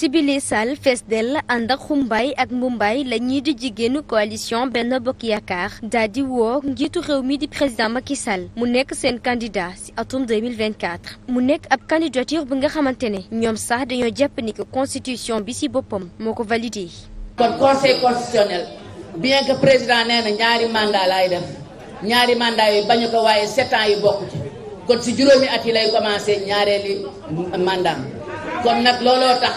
ci bile salle fees dell ànd ak xumbaay ak mbumbaay la ñii di jigéenu coalition benn bokk yaakaar daal di woo njiitu réew mi di président Macky Sall mu nekk seen candidat ci atum 2024 mu nekk ab candidature bi nga xamante ne ñoom sax dañoo jàpp ni que bi ci boppam moo ko validé. kon conseil constitutionnel bien que président nee na ñaari mandat laay def ñaari mandat yi bañu ko waaye sept ans yi bokk kon si juróomi at yi lay commencé ñaareeli mandat kon nag looloo tax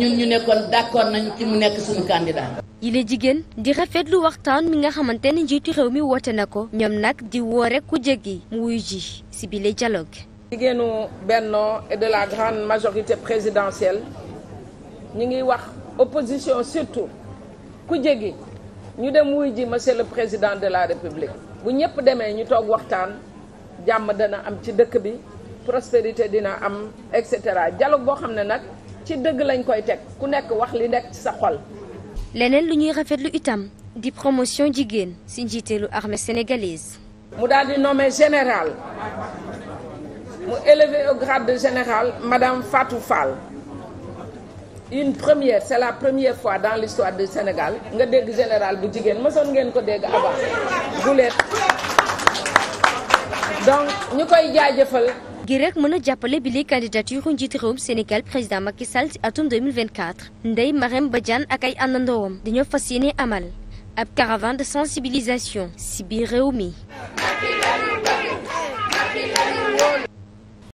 ñun ñu ne kon d'accord nañ ci mu nekk suñu candidat. yile jigéen di rafetlu waxtaan mi nga xamante ne njiitu réew mi woote na ko ñoom nag di woo rek ku jéggi mu wuyu ji si bile dialogue. jigéenu Benno et de la grande majorité présidentielle ñu ngi wax opposition surtout ku jéggi ñu dem wuyu ji monsieur le président de la république bu ñëpp demee ñu toog waxtaan. jàmm dana am ci dëkk bi prospérité dina am et cetera dialogue boo xam ne nag ci dëgg lañ koy teg ku nekk wax li nekk ci sa xol. leneen lu ñuy rafetlu itam di promotion jigéen si njiiteelu armée sénégalaise. mu daal di nommé général mu élevé au grade de général madame Fatou Fall une première c'est la première fois dans l'histoire du Sénégal nga dégg général bu jigéen mësoon ngeen ko dégg avant guleet donc ñu koy jaajëfal. ngir rek mën a jàppale bi li candidature njiitu réewum Sénégal président Macky Sall ci atum 2024 Ndeye Marème Badiane ak ay àndandoowam dañoo fas yéene amal ab caravane de sensibilisation si biir réew mi.